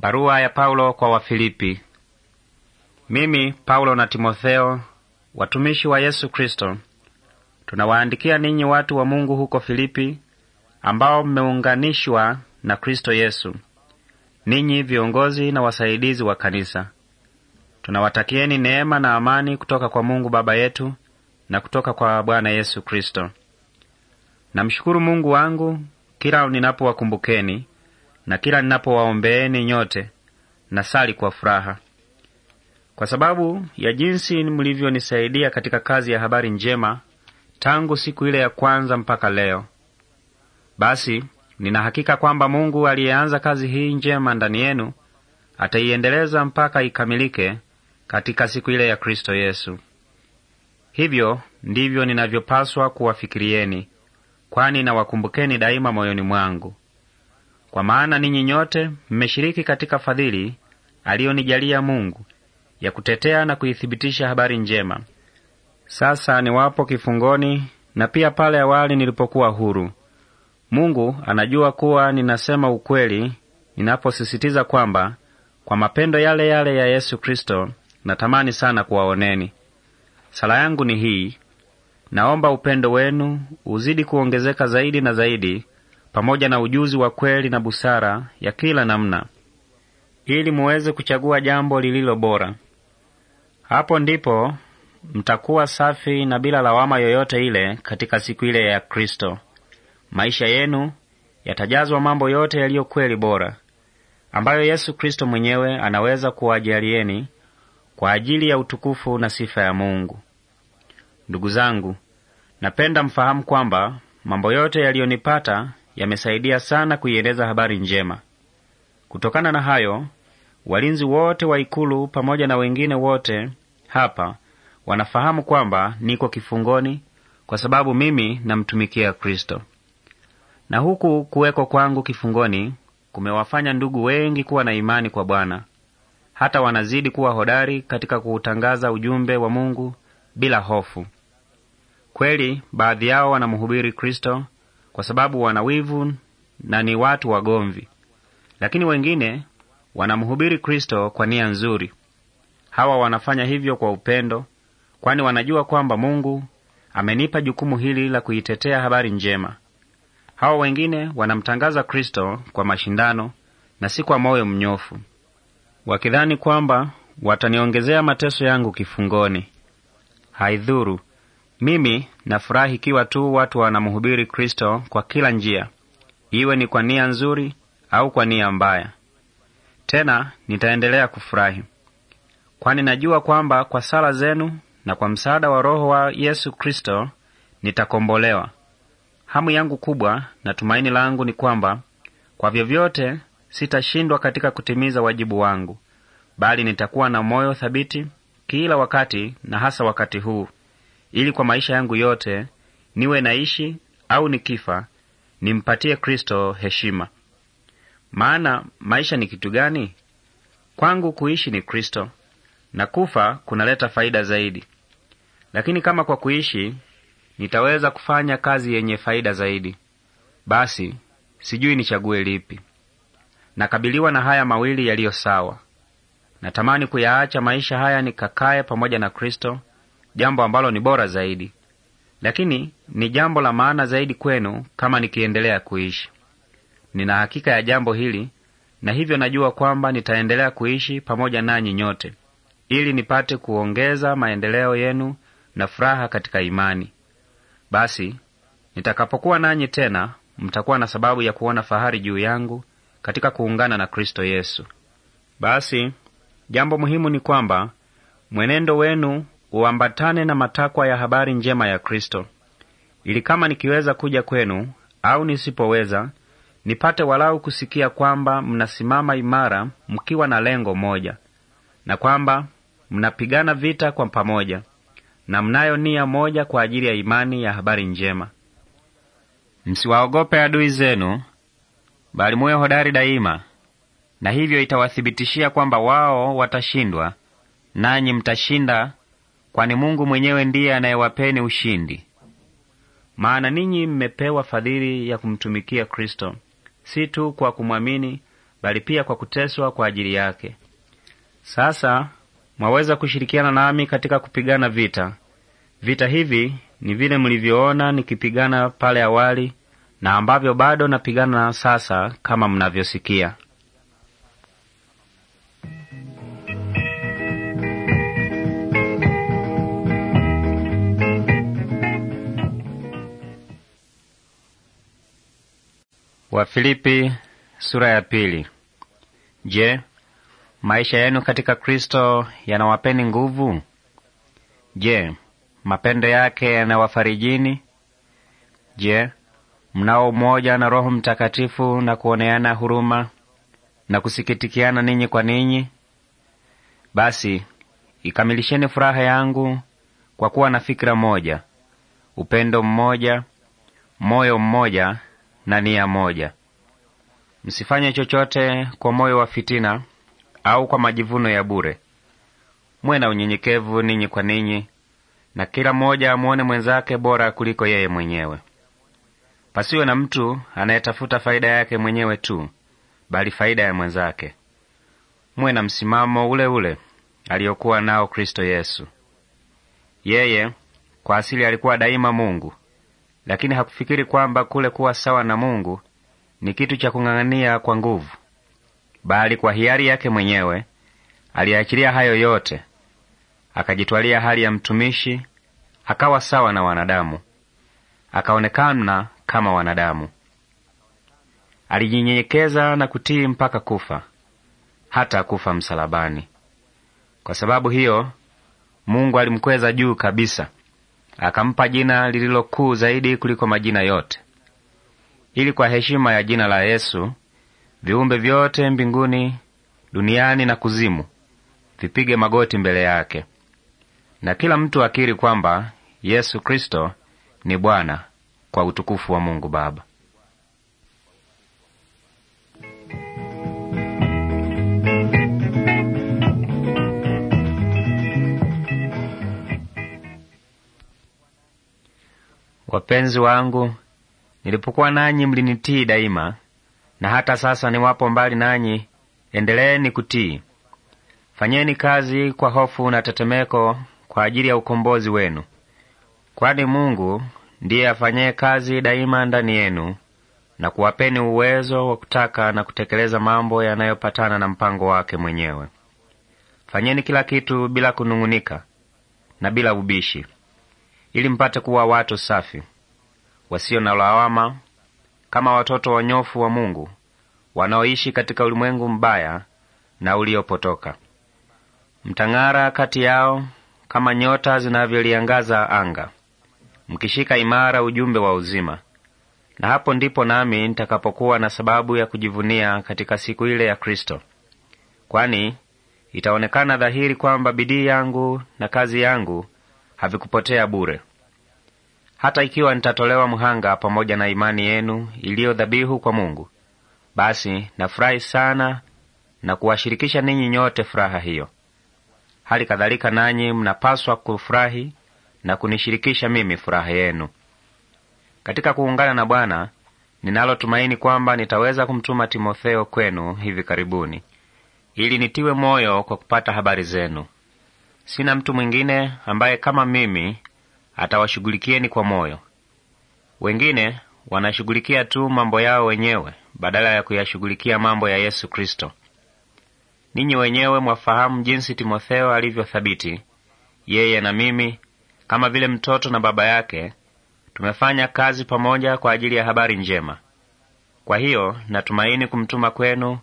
Barua ya Paulo kwa Wafilipi. Mimi Paulo na Timotheo, watumishi wa Yesu Kristo, tunawaandikia ninyi watu wa Mungu huko Filipi, ambao mmeunganishwa na Kristo Yesu, ninyi viongozi na wasaidizi wa kanisa. Tunawatakieni neema na amani kutoka kwa Mungu Baba yetu na kutoka kwa Bwana Yesu Kristo. Namshukuru Mungu wangu kila ninapowakumbukeni na kila ninapowaombeeni nyote nasali kwa furaha kwa sababu ya jinsi mlivyonisaidia katika kazi ya habari njema tangu siku ile ya kwanza mpaka leo. Basi nina hakika kwamba Mungu aliyeanza kazi hii njema ndani yenu ataiendeleza mpaka ikamilike katika siku ile ya Kristo Yesu. Hivyo ndivyo ninavyopaswa kuwafikirieni, kwani nawakumbukeni daima moyoni mwangu. Kwa maana ninyi nyote mmeshiriki katika fadhili aliyonijalia Mungu ya kutetea na kuithibitisha habari njema. Sasa niwapo kifungoni na pia pale awali nilipokuwa huru, Mungu anajua kuwa ninasema ukweli ninaposisitiza kwamba kwa mapendo yale yale ya Yesu Kristo natamani sana kuwaoneni. Sala yangu ni hii: naomba upendo wenu uzidi kuongezeka zaidi na zaidi pamoja na ujuzi wa kweli na busara ya kila namna, ili muweze kuchagua jambo lililo bora. Hapo ndipo mtakuwa safi na bila lawama yoyote ile katika siku ile ya Kristo. Maisha yenu yatajazwa mambo yote yaliyo kweli bora, ambayo Yesu Kristo mwenyewe anaweza kuwajalieni kwa ajili ya utukufu na sifa ya Mungu. Ndugu zangu, napenda mfahamu kwamba mambo yote yaliyonipata yamesaidia sana kuieleza habari njema. Kutokana na hayo, walinzi wote wa ikulu pamoja na wengine wote hapa wanafahamu kwamba niko kifungoni kwa sababu mimi namtumikia Kristo, na huku kuweko kwangu kifungoni kumewafanya ndugu wengi kuwa na imani kwa Bwana, hata wanazidi kuwa hodari katika kuutangaza ujumbe wa Mungu bila hofu. Kweli baadhi yao wanamhubiri Kristo kwa sababu wana wivu na ni watu wagomvi, lakini wengine wanamhubiri Kristo kwa nia nzuri. Hawa wanafanya hivyo kwa upendo, kwani wanajua kwamba Mungu amenipa jukumu hili la kuitetea habari njema. Hawa wengine wanamtangaza Kristo kwa mashindano na si kwa moyo mnyofu, wakidhani kwamba wataniongezea mateso yangu kifungoni. Haidhuru, mimi nafurahi ikiwa tu watu wanamhubiri Kristo kwa kila njia, iwe ni kwa nia nzuri au kwa nia mbaya. Tena nitaendelea kufurahi, kwani najua kwamba kwa sala zenu na kwa msaada wa Roho wa Yesu Kristo nitakombolewa. Hamu yangu kubwa na tumaini langu ni kwamba kwa vyovyote sitashindwa katika kutimiza wajibu wangu, bali nitakuwa na moyo thabiti kila wakati, na hasa wakati huu ili kwa maisha yangu yote niwe naishi au nikifa, nimpatie Kristo heshima. Maana maisha ni kitu gani? Kwangu kuishi ni Kristo na kufa kunaleta faida zaidi. Lakini kama kwa kuishi nitaweza kufanya kazi yenye faida zaidi, basi sijui nichague lipi. Nakabiliwa na haya mawili yaliyo sawa. Natamani kuyaacha maisha haya nikakaye pamoja na Kristo jambo ambalo ni bora zaidi, lakini ni jambo la maana zaidi kwenu kama nikiendelea kuishi. Nina hakika ya jambo hili, na hivyo najua kwamba nitaendelea kuishi pamoja nanyi nyote, ili nipate kuongeza maendeleo yenu na furaha katika imani. Basi nitakapokuwa nanyi tena, mtakuwa na sababu ya kuona fahari juu yangu katika kuungana na Kristo Yesu. Basi jambo muhimu ni kwamba mwenendo wenu uambatane na matakwa ya habari njema ya Kristo, ili kama nikiweza kuja kwenu au nisipoweza, nipate walau kusikia kwamba mnasimama imara mkiwa na lengo moja, na kwamba mnapigana vita kwa pamoja, na mnayo nia moja kwa ajili ya imani ya habari njema. Msiwaogope adui zenu, bali muwe hodari daima, na hivyo itawathibitishia kwamba wao watashindwa, nanyi mtashinda kwani Mungu mwenyewe ndiye anayewapeni ushindi. Maana ninyi mmepewa fadhili ya kumtumikia Kristo, si tu kwa kumwamini, bali pia kwa kuteswa kwa ajili yake. Sasa mwaweza kushirikiana nami katika kupigana vita. Vita hivi ni vile mlivyoona nikipigana pale awali na ambavyo bado napigana sasa, kama mnavyosikia. Wafilipi sura ya pili. Je, maisha yenu katika Kristo yanawapeni nguvu? Je, mapendo yake yanawafarijini? Je, mnao umoja na Roho Mtakatifu na kuoneana huruma na kusikitikiana ninyi kwa ninyi? Basi ikamilisheni furaha yangu kwa kuwa na fikira moja, upendo mmoja, moyo mmoja na nia moja. Msifanye chochote kwa moyo wa fitina au kwa majivuno ya bure. Mwe na unyenyekevu ninyi kwa ninyi, na kila mmoja amwone mwenzake bora kuliko yeye mwenyewe. Pasiwe na mtu anayetafuta faida yake mwenyewe tu, bali faida ya mwenzake. Mwe na msimamo ule ule aliyokuwa nao Kristo Yesu. Yeye kwa asili alikuwa daima Mungu, lakini hakufikiri kwamba kule kuwa sawa na Mungu ni kitu cha kung'ang'ania kwa nguvu, bali kwa hiari yake mwenyewe aliachilia hayo yote, akajitwalia hali ya mtumishi, akawa sawa na wanadamu, akaonekana kama wanadamu. Alijinyenyekeza na kutii mpaka kufa, hata kufa msalabani. Kwa sababu hiyo Mungu alimkweza juu kabisa akampa jina lililokuu zaidi kuliko majina yote, ili kwa heshima ya jina la Yesu viumbe vyote mbinguni, duniani na kuzimu vipige magoti mbele yake, na kila mtu akiri kwamba Yesu Kristo ni Bwana, kwa utukufu wa Mungu Baba. Wapenzi wangu, nilipokuwa nanyi mlinitii daima, na hata sasa niwapo mbali nanyi, endeleeni kutii. Fanyeni kazi kwa hofu na tetemeko kwa ajili ya ukombozi wenu, kwani Mungu ndiye afanyaye kazi daima ndani yenu na kuwapeni uwezo wa kutaka na kutekeleza mambo yanayopatana na mpango wake mwenyewe. Fanyeni kila kitu bila kunung'unika na bila ubishi ili mpate kuwa watu safi wasio na lawama, kama watoto wanyofu wa Mungu wanaoishi katika ulimwengu mbaya na uliopotoka. Mtang'ara kati yao kama nyota zinavyoliangaza anga, mkishika imara ujumbe wa uzima. Na hapo ndipo nami nitakapokuwa na sababu ya kujivunia katika siku ile ya Kristo, kwani itaonekana dhahiri kwamba bidii yangu na kazi yangu havikupotea bure hata ikiwa nitatolewa mhanga pamoja na imani yenu iliyo dhabihu kwa Mungu, basi nafurahi sana na kuwashirikisha ninyi nyote furaha hiyo. Hali kadhalika nanyi mnapaswa kufurahi na kunishirikisha mimi furaha yenu. Katika kuungana na Bwana ninalotumaini kwamba nitaweza kumtuma Timotheo kwenu hivi karibuni, ili nitiwe moyo kwa kupata habari zenu. Sina mtu mwingine ambaye kama mimi atawashughulikieni kwa moyo. Wengine wanashughulikia tu mambo yao wenyewe badala ya kuyashughulikia mambo ya Yesu Kristo. Ninyi wenyewe mwafahamu jinsi Timotheo alivyothabiti, yeye na mimi, kama vile mtoto na baba yake, tumefanya kazi pamoja kwa ajili ya habari njema. Kwa hiyo natumaini kumtuma kwenu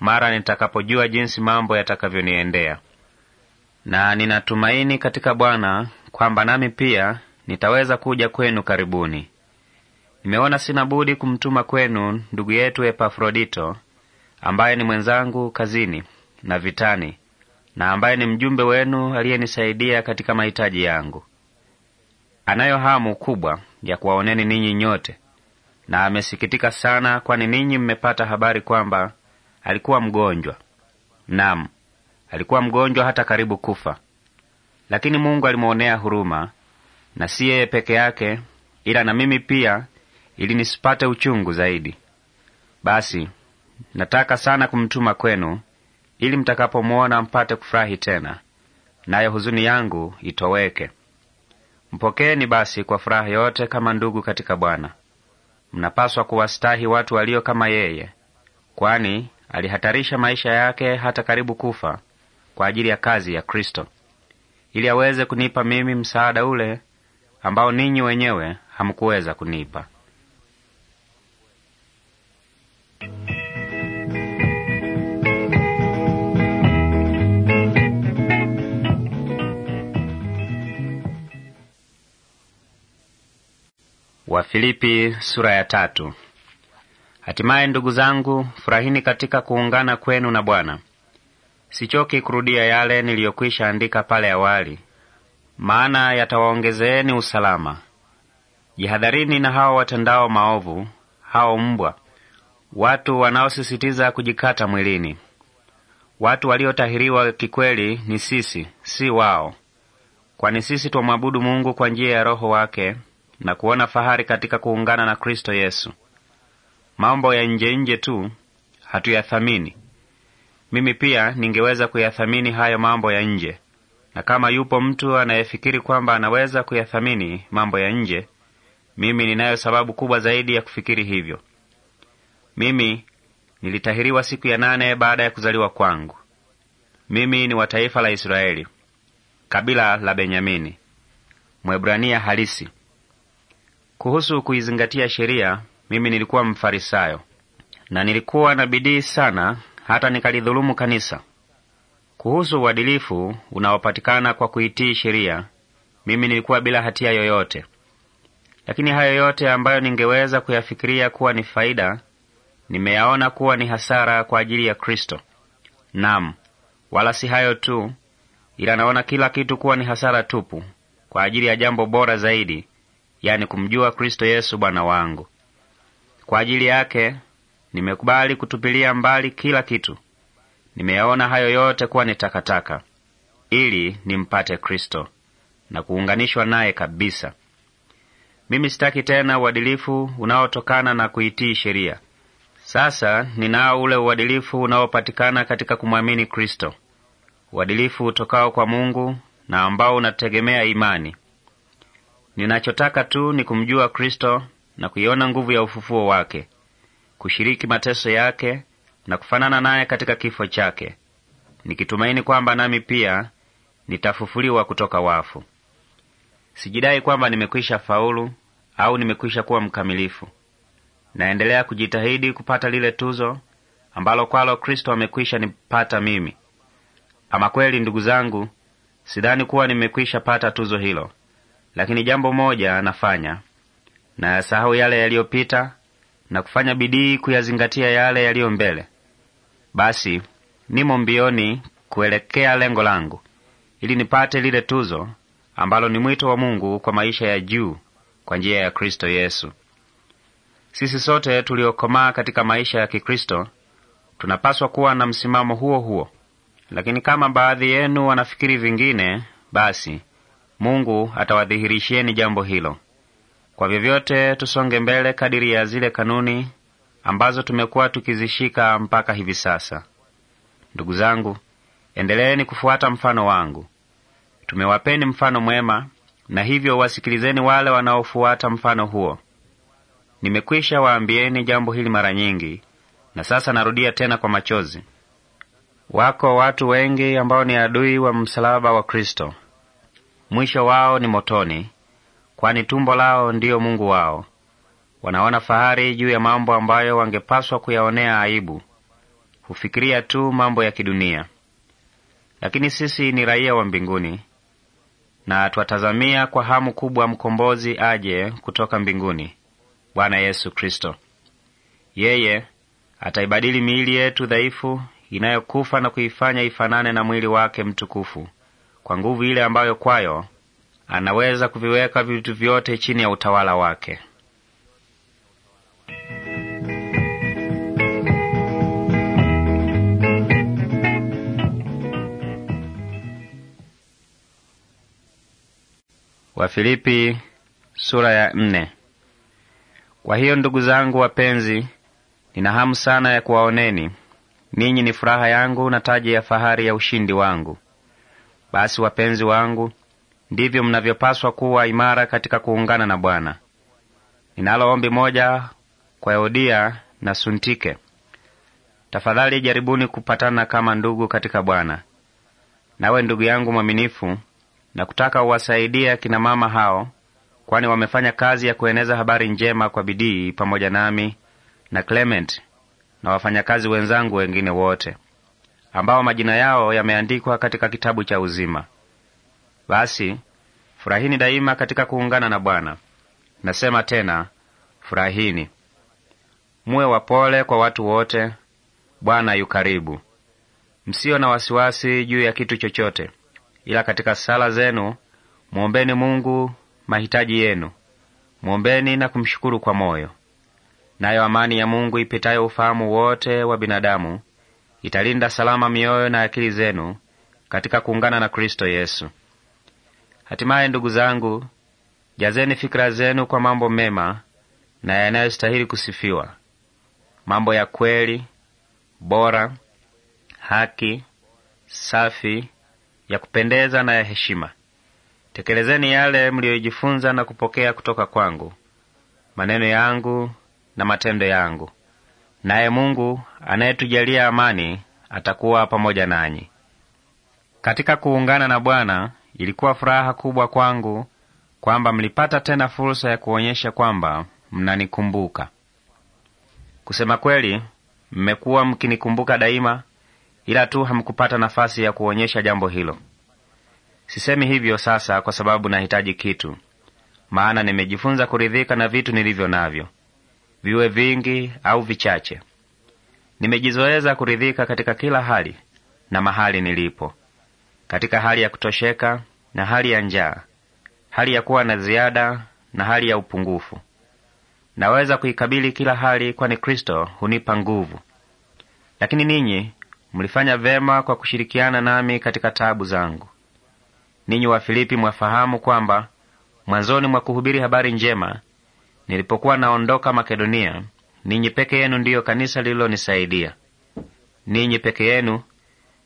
mara nitakapojua jinsi mambo yatakavyoniendea na ninatumaini katika Bwana kwamba nami pia nitaweza kuja kwenu karibuni. Nimeona sina budi kumtuma kwenu ndugu yetu Epafrodito, ambaye ni mwenzangu kazini na vitani, na ambaye ni mjumbe wenu aliyenisaidia katika mahitaji yangu. Anayo hamu kubwa ya kuwaoneni ninyi nyote, na amesikitika sana, kwani ninyi mmepata habari kwamba alikuwa mgonjwa. Naam, Alikuwa mgonjwa hata karibu kufa, lakini Mungu alimwonea huruma, na si yeye peke yake, ila na mimi pia, ili nisipate uchungu zaidi. Basi nataka sana kumtuma kwenu, ili mtakapomwona mpate kufurahi tena, nayo huzuni yangu itoweke. Mpokeeni basi kwa furaha yote kama ndugu katika Bwana. Mnapaswa kuwastahi watu walio kama yeye, kwani alihatarisha maisha yake hata karibu kufa kwa ajili ya kazi ya Kristo, ili aweze kunipa mimi msaada ule ambao ninyi wenyewe hamkuweza kunipa. Wafilipi sura ya tatu. Hatimaye ndugu zangu, furahini katika kuungana kwenu na Bwana. Sichoki kurudia yale niliyokwisha andika pale awali, maana yatawaongezeeni usalama. Jihadharini na hao watendao maovu, hao mbwa, watu wanaosisitiza kujikata mwilini. Watu waliotahiriwa kikweli ni sisi, si wao, kwani sisi twamwabudu Mungu kwa njia ya Roho wake na kuona fahari katika kuungana na Kristo Yesu. Mambo ya nje nje tu hatuyathamini mimi pia ningeweza kuyathamini hayo mambo ya nje. Na kama yupo mtu anayefikiri kwamba anaweza kuyathamini mambo ya nje, mimi ninayo sababu kubwa zaidi ya kufikiri hivyo. Mimi nilitahiriwa siku ya nane baada ya kuzaliwa kwangu. Mimi ni wa taifa la Israeli, kabila la Benyamini, Mwebrania halisi. Kuhusu kuizingatia sheria, mimi nilikuwa Mfarisayo, na nilikuwa na bidii sana hata nikalidhulumu kanisa. Kuhusu uadilifu unaopatikana kwa kuitii sheria, mimi nilikuwa bila hatia yoyote. Lakini hayo yote ambayo ningeweza kuyafikiria kuwa ni faida, nimeyaona kuwa ni hasara kwa ajili ya Kristo. Naam, wala si hayo tu, ila naona kila kitu kuwa ni hasara tupu kwa ajili ya jambo bora zaidi, yani kumjua Kristo Yesu Bwana wangu. Kwa ajili yake Nimekubali kutupilia mbali kila kitu, nimeyaona hayo yote kuwa ni takataka, ili nimpate Kristo na kuunganishwa naye kabisa. Mimi sitaki tena uadilifu unaotokana na kuitii sheria. Sasa ninao ule uadilifu unaopatikana katika kumwamini Kristo, uadilifu utokao kwa Mungu na ambao unategemea imani. Ninachotaka tu ni kumjua Kristo na kuiona nguvu ya ufufuo wake kushiriki mateso yake na kufanana naye katika kifo chake, nikitumaini kwamba nami pia nitafufuliwa kutoka wafu. Sijidai kwamba nimekwisha faulu au nimekwisha kuwa mkamilifu. Naendelea kujitahidi kupata lile tuzo ambalo kwalo Kristo amekwisha nipata mimi. Ama kweli, ndugu zangu, sidhani kuwa nimekwisha pata tuzo hilo, lakini jambo moja nafanya, nayasahau yale yaliyopita na kufanya bidii kuyazingatia yale yaliyo mbele. Basi nimo mbioni kuelekea lengo langu, ili nipate lile tuzo ambalo ni mwito wa Mungu kwa maisha ya juu kwa njia ya Kristo Yesu. Sisi sote tuliokomaa katika maisha ya Kikristo tunapaswa kuwa na msimamo huo huo, lakini kama baadhi yenu wanafikiri vingine, basi Mungu atawadhihirishieni jambo hilo. Kwa vyovyote tusonge mbele kadiri ya zile kanuni ambazo tumekuwa tukizishika mpaka hivi sasa. Ndugu zangu, endeleeni kufuata mfano wangu. Tumewapeni mfano mwema, na hivyo wasikilizeni wale wanaofuata mfano huo. Nimekwisha waambieni jambo hili mara nyingi, na sasa narudia tena kwa machozi. Wako watu wengi ambao ni adui wa msalaba wa Kristo, mwisho wao ni motoni, kwani tumbo lao ndiyo Mungu wao. Wanaona fahari juu ya mambo ambayo wangepaswa kuyaonea aibu, hufikiria tu mambo ya kidunia. Lakini sisi ni raia wa mbinguni na twatazamia kwa hamu kubwa mkombozi aje kutoka mbinguni, Bwana Yesu Kristo. Yeye ataibadili miili yetu dhaifu inayokufa na kuifanya ifanane na mwili wake mtukufu kwa nguvu ile ambayo kwayo anaweza kuviweka vitu vyote chini ya utawala wake. Wafilipi sura ya nne. Kwa hiyo ndugu zangu wapenzi, nina hamu sana ya kuwaoneni ninyi. Ni furaha yangu na taji ya fahari ya ushindi wangu. Basi wapenzi wangu, ndivyo mnavyopaswa kuwa imara katika kuungana na Bwana. Ninalo ombi moja kwa Eudia na Suntike. Tafadhali jaribuni kupatana kama ndugu katika Bwana. Nawe ndugu yangu mwaminifu, na kutaka uwasaidia kina mama hao, kwani wamefanya kazi ya kueneza habari njema kwa bidii pamoja nami na Clement na wafanyakazi wenzangu wengine wote ambao majina yao yameandikwa katika kitabu cha uzima. Basi furahini daima katika kuungana na Bwana. Nasema tena furahini. Muwe wapole kwa watu wote. Bwana yu karibu. Msiyo na wasiwasi juu ya kitu chochote, ila katika sala zenu mwombeni Mungu mahitaji yenu, mwombeni na kumshukuru kwa moyo. Nayo amani ya Mungu ipitayo ufahamu wote wa binadamu italinda salama mioyo na akili zenu katika kuungana na Kristo Yesu. Hatimaye ndugu zangu, jazeni fikira zenu kwa mambo mema na yanayostahili kusifiwa, mambo ya kweli, bora, haki, safi, ya kupendeza na ya heshima. Tekelezeni yale mliyojifunza na kupokea kutoka kwangu, maneno yangu na matendo yangu, naye Mungu anayetujalia amani atakuwa pamoja nanyi. Katika kuungana na Bwana Ilikuwa furaha kubwa kwangu kwamba mlipata tena fursa ya kuonyesha kwamba mnanikumbuka. Kusema kweli, mmekuwa mkinikumbuka daima, ila tu hamkupata nafasi ya kuonyesha jambo hilo. Sisemi hivyo sasa kwa sababu nahitaji kitu, maana nimejifunza kuridhika na vitu nilivyo navyo, viwe vingi au vichache. Nimejizoeza kuridhika katika kila hali na mahali nilipo, katika hali ya kutosheka na hali ya njaa, hali ya kuwa na ziada na hali ya upungufu. Naweza kuikabili kila hali, kwani Kristo hunipa nguvu. Lakini ninyi mlifanya vema kwa kushirikiana nami katika taabu zangu. Ninyi Wafilipi mwafahamu kwamba mwanzoni mwa kuhubiri habari njema, nilipokuwa naondoka Makedonia, ninyi peke yenu ndiyo kanisa lililonisaidia. Ninyi peke yenu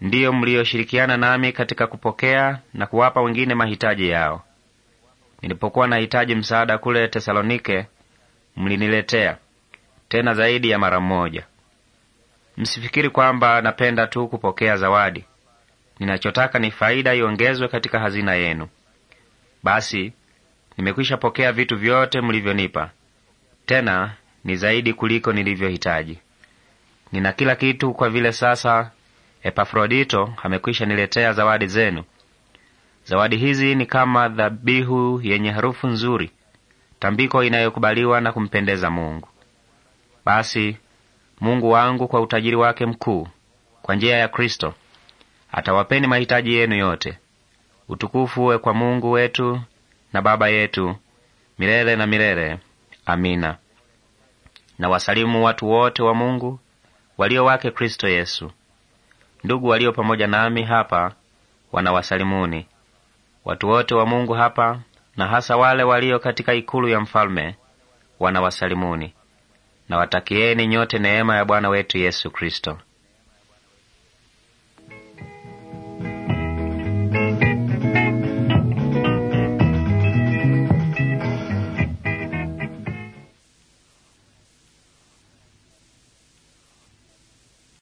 ndiyo mliyoshirikiana nami katika kupokea na kuwapa wengine mahitaji yao. Nilipokuwa nahitaji msaada kule Tesalonike, mliniletea tena zaidi ya mara mmoja. Msifikiri kwamba napenda tu kupokea zawadi. Ninachotaka ni faida iongezwe katika hazina yenu. Basi nimekwisha pokea vitu vyote mlivyonipa, tena ni zaidi kuliko nilivyohitaji. Nina kila kitu, kwa vile sasa Epafrodito amekwisha niletea zawadi zenu. Zawadi hizi ni kama dhabihu yenye harufu nzuri, tambiko inayokubaliwa na kumpendeza Mungu. Basi Mungu wangu kwa utajiri wake mkuu kwa njia ya Kristo atawapeni mahitaji yenu yote. Utukufu uwe kwa Mungu wetu na Baba yetu milele na milele. Amina. Na wasalimu watu wote wa Mungu walio wake Kristo Yesu. Ndugu walio pamoja nami hapa wanawasalimuni. Watu wote wa Mungu hapa na hasa wale walio katika ikulu ya mfalme wanawasalimuni. Nawatakieni nyote neema ya Bwana wetu Yesu Kristo.